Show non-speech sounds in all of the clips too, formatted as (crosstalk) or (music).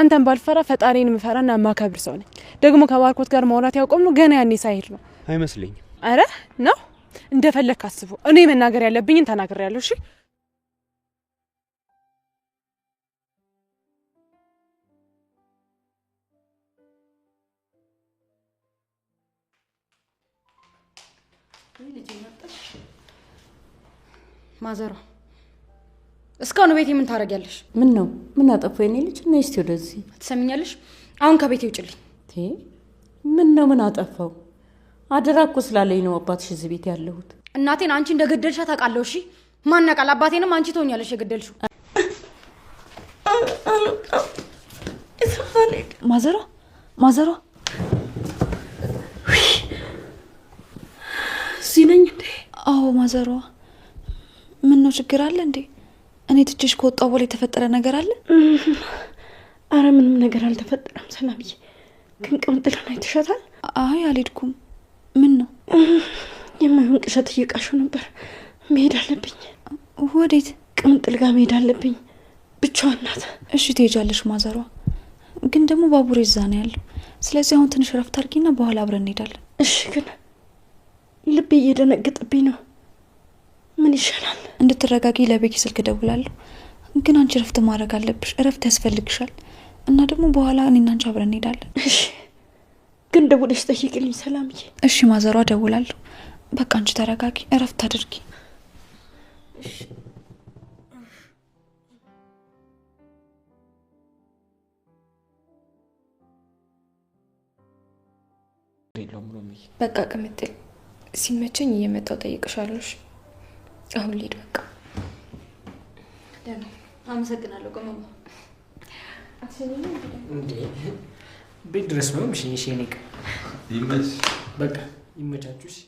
አንተን ባልፈራ ፈጣሪን ና ማከብር ሰው ነኝ። ደግሞ ከባርኮት ጋር ማውራት ነው ገና ያኔ ሳይሄድ ነው አይመስለኝም። አረ ነው እንደፈለግ አስቡ። እኔ መናገር ያለብኝን ተናግሬያለሁ። እሺ ማዘሯ እስካሁን ቤቴ ምን ታደርጊያለሽ? ምን ነው ምን አጠፋ? የኔ ልጅ እና እስቲ ወደዚህ ትሰሚኛለሽ? አሁን ከቤቴ ይውጭልኝ። ምን ነው ምን አጠፋው? አደራ እኮ ስላለኝ ነው አባትሽ እዚህ ቤት ያለሁት። እናቴን አንቺ እንደ ገደልሻ ታውቃለሁ። እሺ ማን ያውቃል? አባቴንም አንቺ ትሆኛለሽ የገደልሽው። ማዘሯ ማዘሯ እዚህ ነኝ እንዴ? አዎ ማዘሯ። ምን ነው ችግር አለ እንዴ? እኔ ትችሽ ከወጣ በኋላ የተፈጠረ ነገር አለ? (laughs) አረ ምንም ነገር አልተፈጠረም ሰላምዬ። ግን ቅምጥልን አይተሻታል? አይ አልሄድኩም። ምን ነው (laughs) የማይሆን ቅዠት እየቃሹ ነበር። መሄድ አለብኝ። ወዴት? ቅምጥል ጋር መሄድ አለብኝ። ብቻዋን ናት። እሺ ትሄጃለሽ። ማዘሯ ግን ደግሞ ባቡሬ እዛ ነው ያለው። ስለዚህ አሁን ትንሽ ረፍት አድርጊና በኋላ አብረን እንሄዳለን። እሺ ግን ልቤ እየደነገጠብኝ ነው። ምን ይሻላል? እንድትረጋጊ ለቤኪ ስልክ ደውላለሁ። ግን አንቺ እረፍት ማድረግ አለብሽ። እረፍት ያስፈልግሻል። እና ደግሞ በኋላ እኔና አንቺ አብረን እንሄዳለን። እሺ፣ ግን ደውለሽ ጠይቅልኝ ሰላምዬ። እሺ፣ ማዘሯ ደውላለሁ። በቃ አንቺ ተረጋጊ፣ እረፍት አድርጊ። በቃ ቅምጥል፣ ሲመቸኝ እየመጣው ጠይቅሻለሽ። አሁን ልሂድ በቃ። አመሰግናለሁ። ቅመማ ቤት ድረስ ነው ምሽኝሽ። ኔቅ በቃ ይመቻችሽ።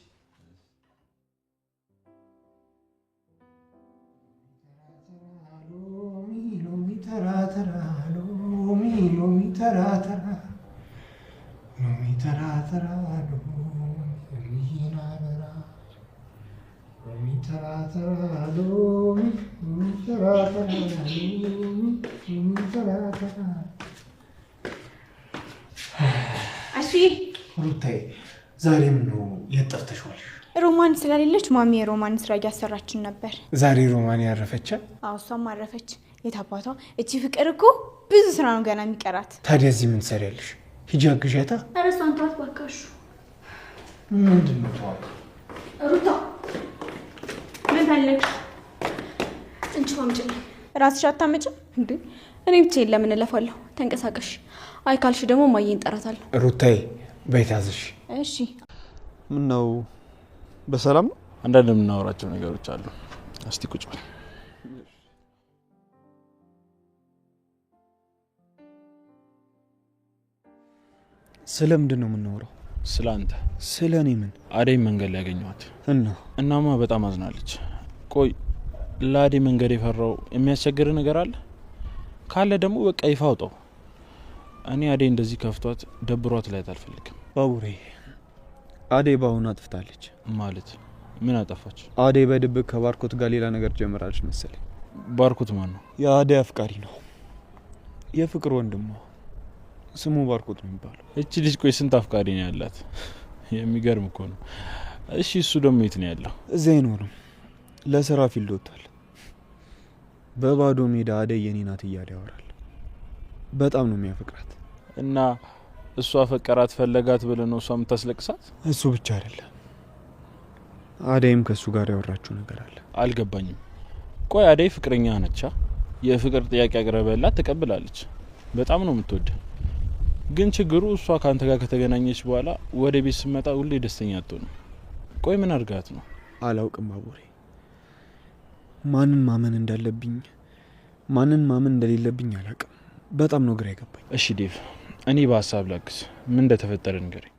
ሩታዬ ዛሬም ነው የጠፍተሽዋል። ሮማን ስለሌለች ማሚ የሮማን ስራ እያሰራችን ነበር። ዛሬ ሮማን ያረፈች? አዎ እሷም አረፈች። አባቷ እቺ ፍቅር እኮ ብዙ ስራ ነው ገና የሚቀራት። ታዲያ እዚህ ምን ትሰሪያለሽ? ሂጂ አግዣታ። ኧረ እሷን ተዋት እባክሽ። ምንድን ነው ተዋት ሩታ ለምን ፈለግሽ? ጥንቹ አምጪኝ። ራስሽ አታመጭም እንዴ? እኔ ብቻዬን ለምን እለፋለሁ? ተንቀሳቀሽ። አይ ካልሽ ደግሞ ማየን እጠራታለሁ። ሩታዬ በይታዝሽ። እሺ። ምን ነው በሰላም አንዳንድ የምናወራቸው ነገሮች አሉ። እስቲ ቁጭ በል። ነው የምናወራው? ስለ አንተ። ስለ እኔ ምን? አደይ መንገድ ላይ ያገኘኋት እና እናማ በጣም አዝናለች። ቆይ ለአዴ መንገድ የፈራው የሚያስቸግር ነገር አለ ካለ ደግሞ በቃ ይፋ አውጣው። እኔ አዴ እንደዚህ ከፍቷት ደብሯት ላይት አልፈልግም። ባቡሬ አዴ በአሁኑ አጥፍታለች ማለት ምን አጠፋች? አዴ በድብቅ ከባርኮት ጋር ሌላ ነገር ጀምራለች መሰለ ባርኮት ማን ነው? የአዴ አፍቃሪ ነው፣ የፍቅር ወንድሟ ስሙ ባርኮት ነው የሚባለው። እቺ ልጅ ቆይ ስንት አፍቃሪ ነው ያላት? የሚገርም እኮ ነው። እሺ እሱ ደግሞ የት ነው ያለው? እዚ አይኖርም ለስራ ፊልድ ወጥቷል። በባዶ ሜዳ አደይ የኔ ናት እያለ ያወራል። በጣም ነው የሚያፈቅራት እና እሷ ፈቀራት ፈለጋት ብለ ነው እሷ የምታስለቅሳት። እሱ ብቻ አይደለም አደይም ከእሱ ጋር ያወራችው ነገር አለ። አልገባኝም። ቆይ አደይ ፍቅረኛ ነቻ? የፍቅር ጥያቄ አቅርበላት ትቀብላለች። በጣም ነው የምትወደ ግን ችግሩ እሷ ከአንተ ጋር ከተገናኘች በኋላ ወደ ቤት ስመጣ ሁሌ ደስተኛ አትሆንም። ቆይ ምን አድርጋት ነው? አላውቅም ባቡሬ ማንን ማመን እንዳለብኝ ማንን ማመን እንደሌለብኝ አላቅም። በጣም ነው ግራ ይገባኝ። እሺ ዴቭ፣ እኔ በሀሳብ ላግዝ። ምን እንደተፈጠረ ንገረኝ።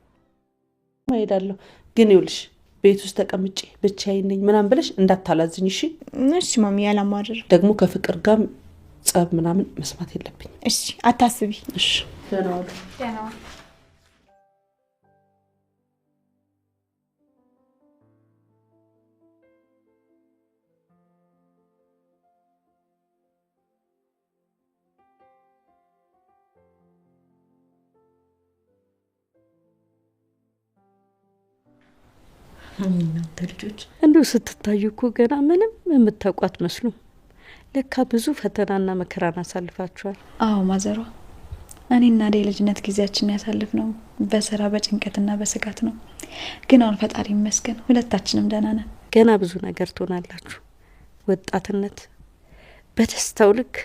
ሄዳለሁ ግን ይኸውልሽ ቤት ውስጥ ተቀምጬ ብቻዬን ነኝ ምናምን ብለሽ እንዳታላዝኝ። እሺ እሺ ማሚ፣ ያላማድር ደግሞ ከፍቅር ጋር ጸብ ምናምን መስማት የለብኝ። እሺ አታስቢ። እሺ ደህና ዋሉ። እናንተ ልጆች እንዲሁ ስትታዩ እኮ ገና ምንም የምታውቋት መስሉም። ለካ ብዙ ፈተናና መከራን አሳልፋችኋል። አዎ ማዘሯ፣ እኔና ደ ልጅነት ጊዜያችን ያሳልፍ ነው በስራ በጭንቀትና በስጋት ነው። ግን አሁን ፈጣሪ ይመስገን ሁለታችንም ደህና ነን። ገና ብዙ ነገር ትሆናላችሁ። ወጣትነት በደስታው ልክ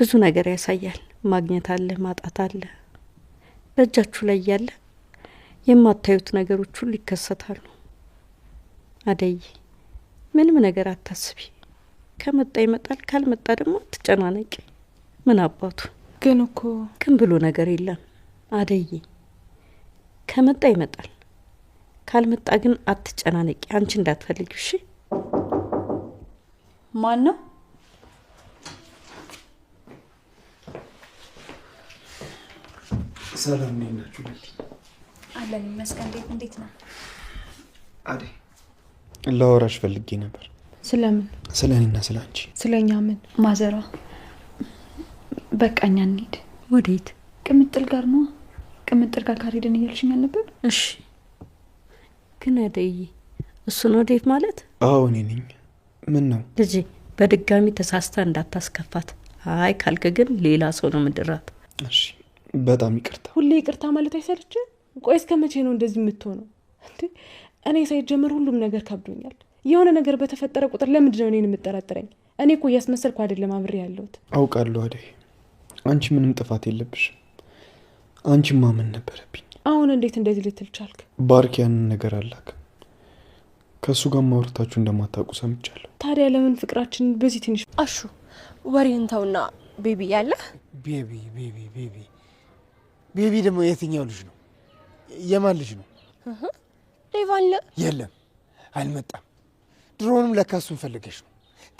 ብዙ ነገር ያሳያል። ማግኘት አለ፣ ማጣት አለ። በእጃችሁ ላይ ያለ የማታዩት ነገሮች ሁሉ ይከሰታሉ። አደይ ምንም ነገር አታስቢ። ከመጣ ይመጣል፣ ካልመጣ ደግሞ አትጨናነቂ። ምን አባቱ ግን እኮ ግን ብሎ ነገር የለም አደይ። ከመጣ ይመጣል፣ ካልመጣ ግን አትጨናነቂ። አንቺ እንዳትፈልጊው እሺ። ማን ነው? ሰላም ናችሁ? አለን ይመስገን። እንዴት እንዴት ነው አዴ? ላወራሽ ፈልጌ ነበር። ስለምን? ስለ እኔና ስለ አንቺ። ስለኛ ምን? ማዘሯ በቃ እኛ እንሂድ። ወዴት? ቅምጥል ጋር ነው። ቅምጥል ጋር ካልሄድን እያልሽኝ አልነበር? እሺ ግን አደይ እሱ ነው ማለት? አዎ እኔ ነኝ። ምን ነው ልጄ፣ በድጋሚ ተሳስተ እንዳታስከፋት። አይ ካልክ ግን ሌላ ሰው ነው ምድራት። እሺ በጣም ይቅርታ። ሁሌ ይቅርታ ማለት አይሰለችም? ቆይ እስከ መቼ ነው እንደዚህ የምትሆነው? እኔ ሳይጀምር ሁሉም ነገር ከብዶኛል። የሆነ ነገር በተፈጠረ ቁጥር ለምንድ ነው እኔን የምጠራጥረኝ? እኔ እኮ እያስመሰልኩ አይደለም አብሬ ያለሁት። አውቃለሁ አደይ፣ አንቺ ምንም ጥፋት የለብሽም። አንቺ ማመን ነበረብኝ። አሁን እንዴት እንደዚህ ልትል ቻልክ? ባርክ ያንን ነገር አላክ ከእሱ ጋር ማውረታችሁ እንደማታውቁ ሰምቻለሁ። ታዲያ ለምን ፍቅራችን በዚህ ትንሽ አሹ ወሬን ተውና ቤቢ ያለ ቤቢ ቤቢ ቤቢ ቤቢ ደግሞ የትኛው ልጅ ነው? የማን ልጅ ነው? ሌባ አለ? የለም፣ አልመጣም። ድሮንም ለካሱን ፈልገሽ ነው።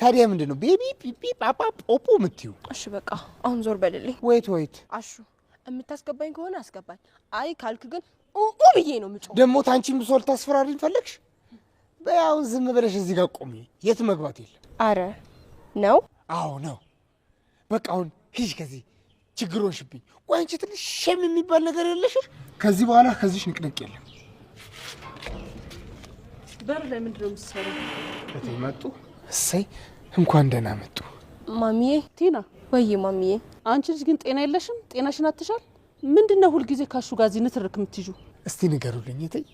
ታዲያ ምንድን ነው ቤቢ ፒፒ ጳጳ ፖፖ የምትዩ? እሺ በቃ አሁን ዞር በልልኝ። ወይት ወይት፣ አሹ የምታስገባኝ ከሆነ አስገባኝ። አይ ካልክ ግን ኡ ብዬ ነው ምጮ። ደግሞ ታንቺን ብሶል ልታስፈራሪኝ ፈለግሽ? በይ አሁን ዝም ብለሽ እዚህ ጋር ቆሚ። የት መግባት የለም። አረ ነው? አዎ ነው። በቃ አሁን ሂጅ ከዚህ ችግሮሽብኝ። ቆይ አንቺ ትንሽ ሸም የሚባል ነገር የለሽም? ከዚህ በኋላ ከዚህ ንቅንቅ የለም። በር ላይ ምንድን ነው የምትሰራው? መጡ። እሰይ እንኳን ደህና መጡ። ማሚዬ ቲና። ወይ ማሚዬ። አንቺ ልጅ ግን ጤና የለሽም። ጤናሽን አትሻል። ምንድን ነው ሁልጊዜ ካሹ ጋር እዚህ ንትርክ የምትይዙ? እስቲ ንገሩልኝ እትዬ።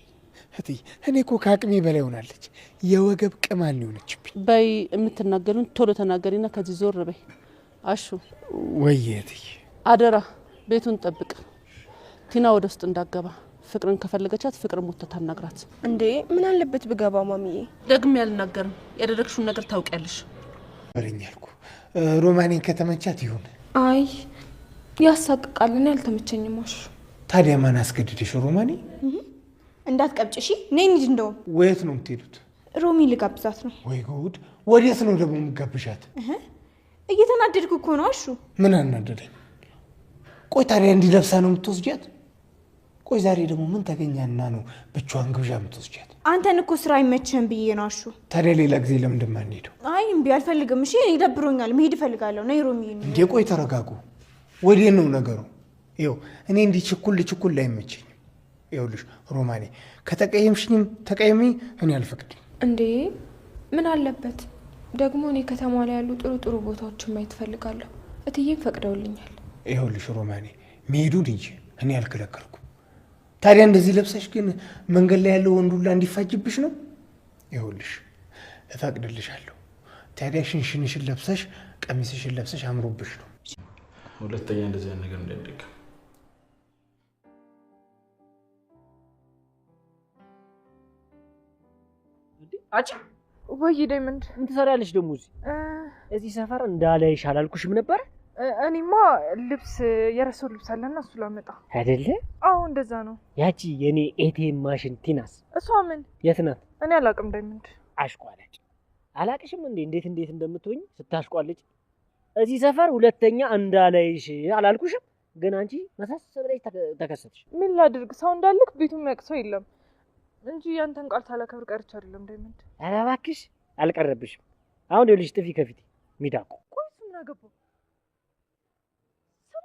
እትዬ እኔ እኮ ከአቅሜ በላይ ሆናለች። የወገብ ቅማል ሊሆነችብኝ። በይ የምትናገሩን ቶሎ ተናገሪና ከዚህ ዞር በይ። አሹ ወይ እትዬ፣ አደራ ቤቱን ጠብቅ። ቲና ወደ ውስጥ እንዳገባ ፍቅርን ከፈለገቻት ፍቅር ሞተታ አናግራት። እንዴ ምን አለበት ብገባ? ማሚዬ ደግም ያልናገርም ያደረግሽውን ነገር ታውቂያለሽ። በረኛልኩ ሮማኔን ከተመቻት ይሁን። አይ ያሳቅቃል። ያልተመቸኝ አልተመቸኝም። ታዲያ ማን አስገድደሽ? ሮማኔ እንዳትቀብጭ እሺ። ነይ እንሂድ። እንደውም ወየት ነው የምትሄዱት? ሮሚ ልጋብዛት ነው። ወይ ጉድ! ወዴት ነው ደግሞ የምጋብዣት? እየተናደድኩ እኮ ነው። አሹ ምን አናደደኝ? ቆይ ታዲያ እንዲለብሳ ነው የምትወስጃት? ቆይ ዛሬ ደግሞ ምን ተገኛና ነው ብቻዋን ግብዣ የምትወስጃት? አንተን እኮ ስራ አይመችህም ብዬ ነው። አሹ ታዲያ ሌላ ጊዜ ለምንድን ነው የማንሄደው? አይ እምቢ አልፈልግም። እሺ ይደብሮኛል፣ መሄድ እፈልጋለሁ። ነይ ሮሚ። እንዴ ቆይ ተረጋጉ። ወዴት ነው ነገሩ? ይኸው እኔ እንዲህ ችኩል ችኩል አይመችኝም። ይኸውልሽ ሮማኔ፣ ከተቀየምሽኝም ተቀየሚ እኔ አልፈቅድም። እንዴ ምን አለበት ደግሞ እኔ ከተማ ላይ ያሉ ጥሩ ጥሩ ቦታዎችን ማየት እፈልጋለሁ። እትዬም ፈቅደውልኛል። ይኸውልሽ ሮማኔ፣ መሄዱን እንጂ እኔ አልከለከልኩ ታዲያ እንደዚህ ለብሰሽ ግን መንገድ ላይ ያለው ወንዱላ እንዲፋጅብሽ ነው? ይኸውልሽ እፈቅድልሻለሁ። ታዲያ ሽንሽንሽን ለብሰሽ ቀሚስሽን ለብሰሽ አምሮብሽ ነው። ሁለተኛ እንደዚህ አይነት ነገር እንዳይደገም አጭ ወይ ዳይመንድ ምን ትሰሪያለሽ ደግሞ እዚህ እዚህ ሰፈር እንዳላይሽ አላልኩሽም ነበር? እኔማ ልብስ የረሰው ልብስ አለና እሱ ላመጣ አይደለ? አዎ እንደዛ ነው። ያቺ የኔ ኤቲኤም ማሽን ቲናስ፣ እሷ ምን የት ናት? እኔ አላቅም። ዳይመንድ አሽቋለች። አላቅሽም እንዴ እንዴት እንዴት እንደምትሆኝ ስታሽቋለች። እዚህ ሰፈር ሁለተኛ እንዳላይሽ አላልኩሽም? ግን አንቺ መሳስ ብለሽ ተከሰትሽ። ምን ላድርግ? ሰው እንዳልክ ቤቱ የሚያቅሰው የለም እንጂ ያንተን ቃል ሳላከብር ቀርቼ አይደለም ዳይመንድ። ኧረ እባክሽ አልቀረብሽም። አሁን ይኸውልሽ ጥፊ ከፊት ሚዳቁ ቆይ ምን አገባው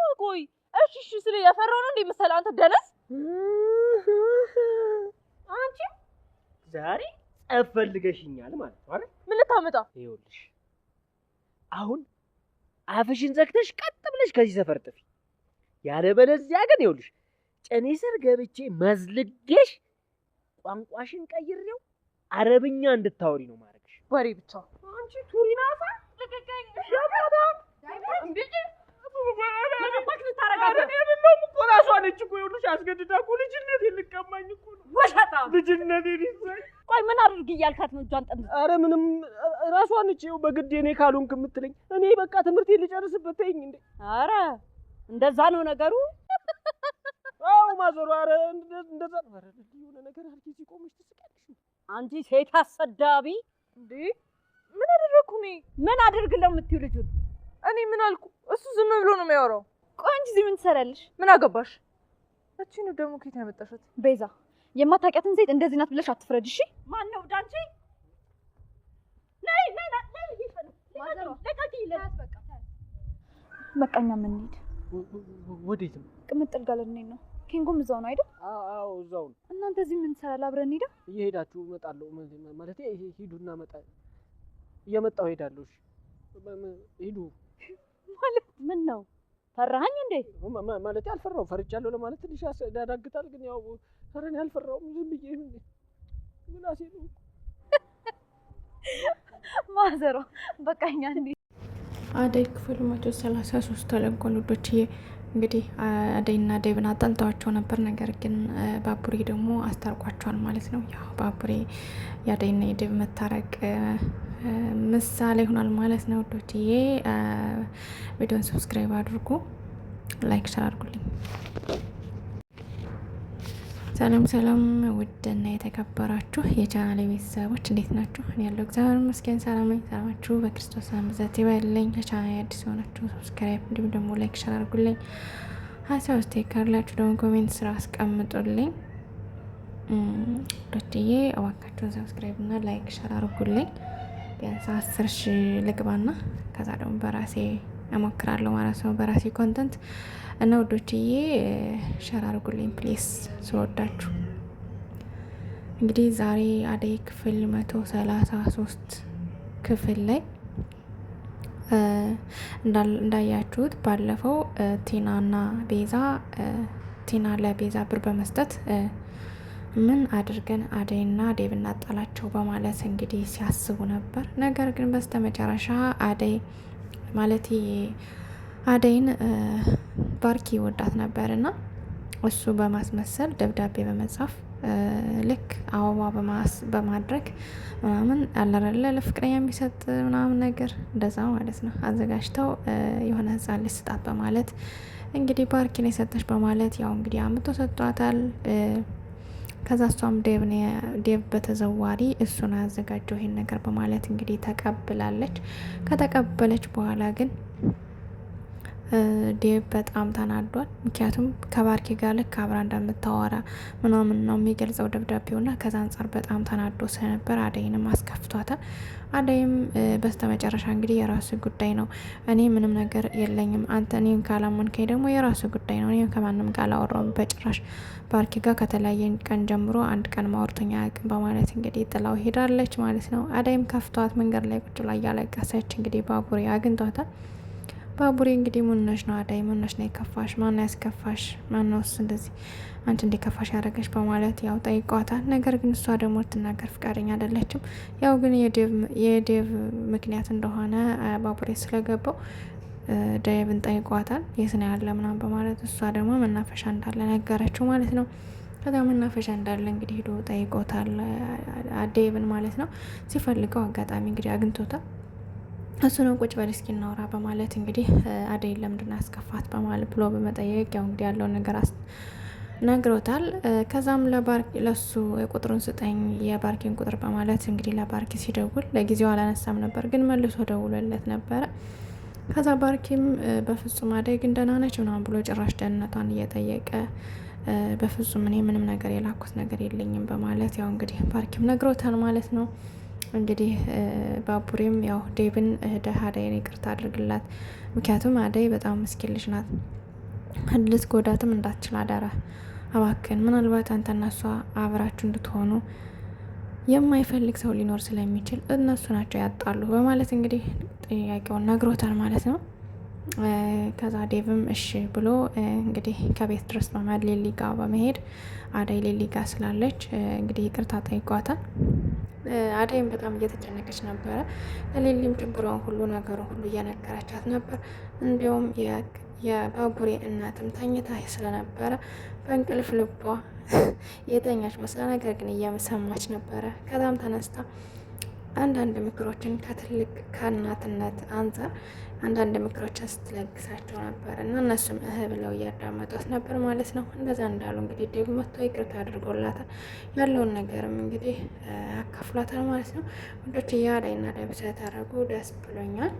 ነው። ቆይ እሺ፣ እሺ ስለ ያፈራው ነው እንዴ መሰለህ አንተ ደነስ። አንቺ ዛሬ ፈልገሽኛል ማለት ነው አይደል? ምን ልታመጣ? ይኸውልሽ አሁን አፍሽን ዘግተሽ ቀጥ ብለሽ ከዚህ ሰፈር ጥፊ። ያለበለዚያ ግን ይኸውልሽ ጨኔ ስር ገብቼ መዝልጌሽ ቋንቋሽን ቀይሬው አረብኛ እንድታወሪ ነው ማድረግሽ። ወሬ ብቻ አንቺ ቱሪናፋ ልቀቀኝ። ምን አድርግ እያልካት ነው? እጇን ጠምዝ። ኧረ ምንም ራሷን እጭ በግድ እኔ ካልሆንክ የምትለኝ እኔ በቃ ትምህርት ልጨርስበት ተይኝ እንዴ! ኧረ እንደዛ ነው ነገሩ። አዎ ማዘሩ። ኧረ እንደዛ ነው የሆነ ነገር አንቺ ሲቆምሽ ትስቃለሽ። አንቺ ሴት አሰዳቢ! እንዴ ምን አደረግኩ እኔ? ምን አድርግ ነው ልጁን እኔ ምን አልኩ? እሱ ዝም ብሎ ነው የሚያወራው። ቆይ አንቺ እዚህ ምን ትሰሪያለሽ? ምን አገባሽ? እቺን ደግሞ ከየት ነው ያመጣሻት? ቤዛ፣ የማታውቂያትን ሴት እንደዚህ ናት ብለሽ አትፍረጅ። እሺ ማን ነው ዳንቺ? ነይ ነይ ነይ፣ መቃኛ ምን ሄድ? ወዴት ነው? ቅምጥል ጋር ልንሄድ ነው። ኪንጎም እዛው ነው አይደል? አዎ እዛው ነው። እናንተ እዚህ ምን ትሰራላችሁ? አብረን እንሄዳ። እየሄዳችሁ እመጣለሁ ማለት ሂዱና መጣ እየመጣሁ እሄዳለሁ። ሂዱ ማለት ምን ነው? ፈራሃኝ እንዴ? ማለት አልፈራሁም። ፈርቻለሁ ለማለት ትንሽ ያዳግታል፣ ግን ያው ኧረ እኔ አልፈራሁም። ዝም ብዬ ምላሴ ነው ማዘሮ በቃኛ። እንዴ አደይ ክፍል መቶ ሰላሳ ሶስት ተለቋል ውዶችዬ። እንግዲህ አደይና ዴብን አጣልተዋቸው ነበር። ነገር ግን ባቡሬ ደግሞ አስታርቋቸዋል ማለት ነው። ያው ባቡሬ የአደይና የዴብ መታረቅ ምሳሌ ይሆናል ማለት ነው ውዶችዬ። ቪዲዮን ሰብስክራይብ አድርጉ፣ ላይክ ሸር አድርጉልኝ። ሰላም ሰላም፣ ውድና የተከበራችሁ የቻናሌ ቤተሰቦች እንዴት ናችሁ? እኔ ያለው እግዚአብሔር ይመስገን ሰላም ነኝ። ሰላማችሁ በክርስቶስ አምዛት ይበልኝ። ለቻናሌ አዲስ የሆናችሁ ሰብስክራይብ እንዲሁም ደግሞ ላይክ ሸር አድርጉልኝ። ሀሳብ ውስጥ ካላችሁ ደግሞ ኮሜንት ስራ አስቀምጡልኝ። ዶችዬ እባካችሁን ሰብስክራይብ እና ላይክ ሸር አድርጉልኝ። ቢያንስ አስር ሺ ልግባና ከዛ ደግሞ በራሴ እሞክራለሁ ማለት ነው በራሴ ኮንተንት እና ውዶችዬ ሸር አድርጉልኝ ፕሌስ ስወዳችሁ። እንግዲህ ዛሬ አደይ ክፍል መቶ ሰላሳ ሶስት ክፍል ላይ እንዳያችሁት ባለፈው ቲና ቲናና ቤዛ ቲና ለቤዛ ብር በመስጠት ምን አድርገን አደይና ዴብ እናጣላቸው በማለት እንግዲህ ሲያስቡ ነበር። ነገር ግን በስተመጨረሻ አደይ ማለት አደይን ባርኪ ወዳት ነበርና እሱ በማስመሰል ደብዳቤ በመጻፍ ልክ አበባ በማድረግ ምናምን ያለረለ ለፍቅረኛ የሚሰጥ ምናምን ነገር እንደዛ ማለት ነው አዘጋጅተው የሆነ ሕፃን ልጅ ስጣት በማለት እንግዲህ ባርኪን የሰጠች በማለት ያው እንግዲህ አምቶ ሰጥቷታል። ከዛ እሷም ዴቭ በተዘዋሪ እሱን አዘጋጀው ይሄን ነገር በማለት እንግዲህ ተቀብላለች። ከተቀበለች በኋላ ግን ዴቭ በጣም ተናዷል። ምክንያቱም ከባርኪ ጋር ልክ አብራ እንደምታወራ ምናምን ነው የሚገልጸው ደብዳቤውና ከዛ አንጻር በጣም ተናዶ ስለነበር አደይንም አስከፍቷታል። አደይም በስተመጨረሻ እንግዲህ የራሱ ጉዳይ ነው፣ እኔ ምንም ነገር የለኝም፣ አንተ እኔን ካላመንከኝ ደግሞ የራሱ ጉዳይ ነው፣ እኔም ከማንም ጋር አላወራውም በጭራሽ፣ ባርኪ ጋር ከተለያየን ቀን ጀምሮ አንድ ቀን ማወርቶኛ አያውቅም በማለት እንግዲህ ጥላው ሄዳለች ማለት ነው። አደይም ከፍቷት መንገድ ላይ ቁጭ ላይ ያለቀሰች እንግዲህ ባቡሬ አግኝቷታል። ባቡሬ እንግዲህ ሙነሽ ነው አዳይ ሙነሽ ነው የከፋሽ ማን ያስከፋሽ ማን ነው እንደዚህ አንቺ እንደ ከፋሽ ያደረገች በማለት ያው ጠይቋታል። ነገር ግን እሷ ደግሞ ልትናገር ፍቃደኛ አይደለችም። ያው ግን የዴቭ ምክንያት እንደሆነ ባቡሬ ስለገባው ዴቭን ጠይቋታል። የት ነው ያለ ምናምን በማለት እሷ ደግሞ መናፈሻ እንዳለ ነገረችው ማለት ነው። ከዛ መናፈሻ እንዳለ እንግዲህ ሄዶ ጠይቆታል ዴቭን ማለት ነው። ሲፈልገው አጋጣሚ እንግዲህ አግኝቶታል። እሱንም ቁጭ በል እስኪ እናውራ በማለት እንግዲህ አደይን ለምንድን ያስከፋት በማለት ብሎ በመጠየቅ ያው እንግዲህ ያለው ነገር ነግሮታል። ከዛም ለሱ ቁጥሩን ስጠኝ የባርኪን ቁጥር በማለት እንግዲህ ለባርኪ ሲደውል ለጊዜው አላነሳም ነበር፣ ግን መልሶ ደውሎለት ነበረ። ከዛ ባርኪም በፍጹም አደይ ግን ደህና ነች ምናምን ብሎ ጭራሽ ደህንነቷን እየጠየቀ በፍጹም እኔ ምንም ነገር የላኩት ነገር የለኝም በማለት ያው እንግዲህ ባርኪም ነግሮታል ማለት ነው። እንግዲህ ባቡሬም ያው ዴብን እህደ አደይን ይቅርታ አድርግላት፣ ምክንያቱም አደይ በጣም ምስኪን ናት ናት፣ ጎዳትም እንዳትችል አደራ አባክን። ምናልባት አንተና እሷ አብራችሁ እንድትሆኑ የማይፈልግ ሰው ሊኖር ስለሚችል እነሱ ናቸው ያጣሉ በማለት እንግዲህ ጥያቄውን ነግሮታል ማለት ነው። ከዛ ዴቭም እሺ ብሎ እንግዲህ ከቤት ድረስ በመሄድ ሌሊጋ በመሄድ አደይ ሌሊጋ ስላለች እንግዲህ ይቅርታ ጠይቋታል። አደይም በጣም እየተጨነቀች ነበረ። ለሌሊም ችግሯን ሁሉ ነገሩን ሁሉ እየነገረቻት ነበር። እንዲሁም የባቡሬ እናትም ተኝታ ስለነበረ በእንቅልፍ ልቧ የተኛች መስላ ነገር ግን እየሰማች ነበረ። ከዛም ተነስታ አንዳንድ ምክሮችን ከትልቅ ከእናትነት አንጻር አንዳንድ ምክሮችን ስትለግሳቸው ነበር እና እነሱም እህ ብለው እያዳመጧት ነበር ማለት ነው። እንደዛ እንዳሉ እንግዲህ ዴቭ መጥቶ ይቅርታ አድርጎላታል። ያለውን ነገርም እንግዲህ አካፍሏታል ማለት ነው። ወንዶች እያ ላይ እና ደብሰ ተረጉ ደስ ብሎኛል።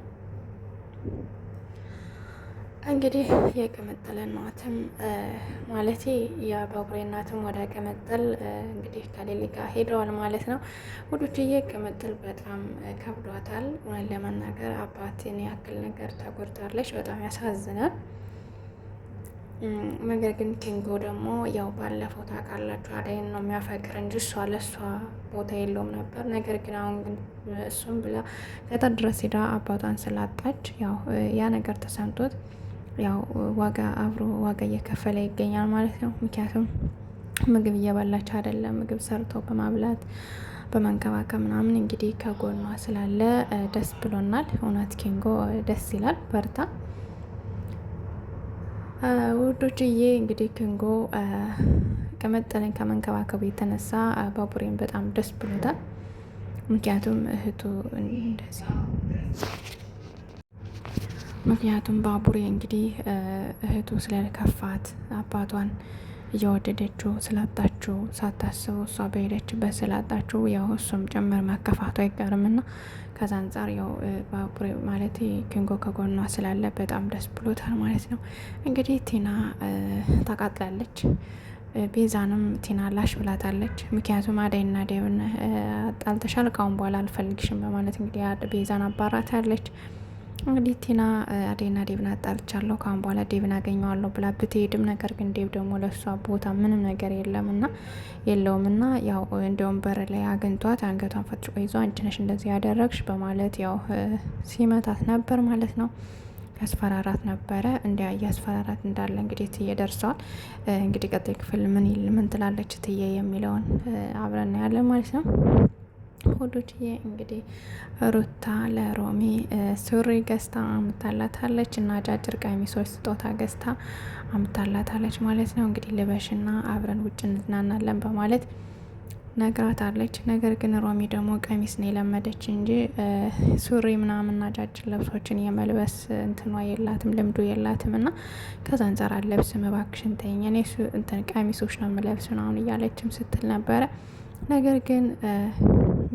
እንግዲህ የቅምጥል እናትም ማለት የባቡሬ እናትም ወደ ቅምጥል እንግዲህ ከሌሊ ጋር ሄደዋል ማለት ነው። ውዶችዬ ቅምጥል በጣም ከብዷታል። እውነት ለመናገር አባቴን ያክል ነገር ተጎድታለች። በጣም ያሳዝናል። ነገር ግን ኪንጎ ደግሞ ያው ባለፈው ታውቃላችሁ አደይን ነው የሚያፈቅር እንጂ እሷ ለእሷ ቦታ የለውም ነበር። ነገር ግን አሁን ግን እሱም ብላ ከታ ድረስ ሄዳ አባቷን ስላጣች ያው ያ ነገር ተሰምቶት ያው ዋጋ አብሮ ዋጋ እየከፈለ ይገኛል ማለት ነው። ምክንያቱም ምግብ እየበላቸው አይደለም። ምግብ ሰርቶ በማብላት በመንከባከብ ምናምን እንግዲህ ከጎኗ ስላለ ደስ ብሎናል። እውነት ኪንጎ ደስ ይላል። በርታ ውዶችዬ። እንግዲህ ኪንጎ ከመጠለኝ ከመንከባከቡ የተነሳ ባቡሬን በጣም ደስ ብሎታል። ምክንያቱም እህቱ እንደዚህ ምክንያቱም ባቡሬ እንግዲህ እህቱ ስለከፋት አባቷን እየወደደችው ስላጣችው ሳታስበው እሷ በሄደችበት ስላጣችው ያው እሱም ጭምር መከፋቱ አይቀርም እና ከዛ አንጻር ያው ባቡሬ ማለት ኪንጎ ከጎኗ ስላለ በጣም ደስ ብሎታል ማለት ነው። እንግዲህ ቲና ታቃጥላለች። ቤዛንም ቲና ላሽ ብላታለች። ምክንያቱም አደይና ደብን አጣልተሻል፣ ካሁን በኋላ አልፈልግሽም በማለት እንግዲህ ቤዛን አባራታለች። እንግዲህ ቲና አዴና ዴብን አጣልቻለሁ ከአሁን በኋላ ዴብን አገኘዋለሁ ብላ ብትሄድም ነገር ግን ዴብ ደግሞ ለእሷ ቦታ ምንም ነገር የለም ና የለውም ና ያው እንደውም በር ላይ አግኝቷት አንገቷን ፈጥጭቆ ይዞ አንቺ ነሽ እንደዚህ ያደረግሽ በማለት ያው ሲመታት ነበር ማለት ነው። ያስፈራራት ነበረ። እንዲያ እያስፈራራት እንዳለ እንግዲህ ትዬ ደርሰዋል። እንግዲህ ቀጣይ ክፍል ምን ምን ትላለች ትዬ የሚለውን አብረን ያለን ማለት ነው። ሁዱችዬ እንግዲህ ሩታ ለሮሚ ሱሪ ገዝታ አምታላታለች እና አጫጭር ቀሚሶች ስጦታ ገዝታ አምታላታለች ማለት ነው። እንግዲህ ልበሽና አብረን ውጭ እንዝናናለን በማለት ነግራታለች። ነገር ግን ሮሚ ደግሞ ቀሚስ ነው የለመደች እንጂ ሱሪ ምናምንና አጫጭር ልብሶችን የመልበስ እንትኗ የላትም ልምዱ የላትም። እና ከዛ አንጻር አለብስም እባክሽን ተይኝ እኔ ቀሚሶች ነው የምለብስ ምናምን እያለችም ስትል ነበረ ነገር ግን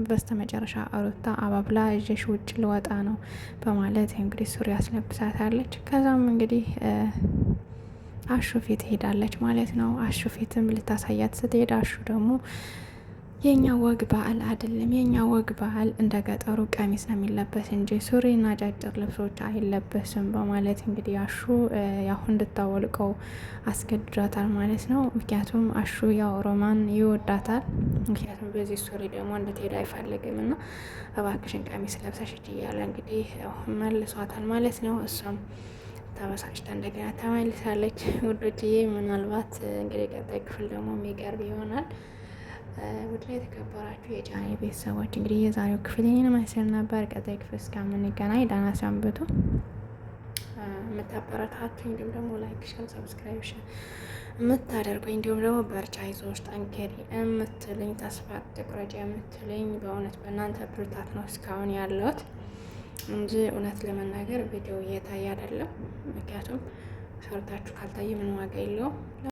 በስተመጨረሻ ሩታ አባብላ እዥሽ ውጭ ልወጣ ነው በማለት እንግዲህ ሱሪ አስለብሳታለች። ከዛም እንግዲህ አሹ ፊት ሄዳለች ማለት ነው። አሹ ፊትም ልታሳያት ስትሄድ አሹ ደግሞ የኛ ወግ በዓል አይደለም። የኛ ወግ በዓል እንደ ገጠሩ ቀሚስ ነው የሚለበስ እንጂ ሱሪና አጫጭር ልብሶች አይለበስም በማለት እንግዲህ አሹ ያሁ እንድታወልቀው አስገድዷታል ማለት ነው። ምክንያቱም አሹ ያው ሮማን ይወዳታል። ምክንያቱም በዚህ ሱሪ ደግሞ እንድትሄድ አይፈልግም እና እባክሽን ቀሚስ ለብሰሽ እያለ እንግዲህ መልሷታል ማለት ነው እሷም ተበሳጭታ እንደገና ተመልሳለች። ውዶችዬ ምናልባት እንግዲህ ቀጣይ ክፍል ደግሞ የሚቀርብ ይሆናል። ውድ የተከበራችሁ የጫኔ ቤተሰቦች እንግዲህ የዛሬው ክፍል ይህን መስል ነበር። ቀጣይ ክፍል እስከምንገናኝ ደህና ሰንብቱ። የምታበረታቱ እንዲሁም ደግሞ ላይክ፣ ሸር፣ ሰብስክራይብ የምታደርጉኝ እንዲሁም ደግሞ በርቻ ይዞች ጠንከሪ የምትልኝ ተስፋ ትቁረጭ የምትልኝ በእውነት በእናንተ ብርታት ነው እስካሁን ያለሁት እንጂ እውነት ለመናገር ቪዲዮ እየታየ አይደለም። ምክንያቱም ሰርታችሁ ካልታየ ምን ዋጋ የለውም።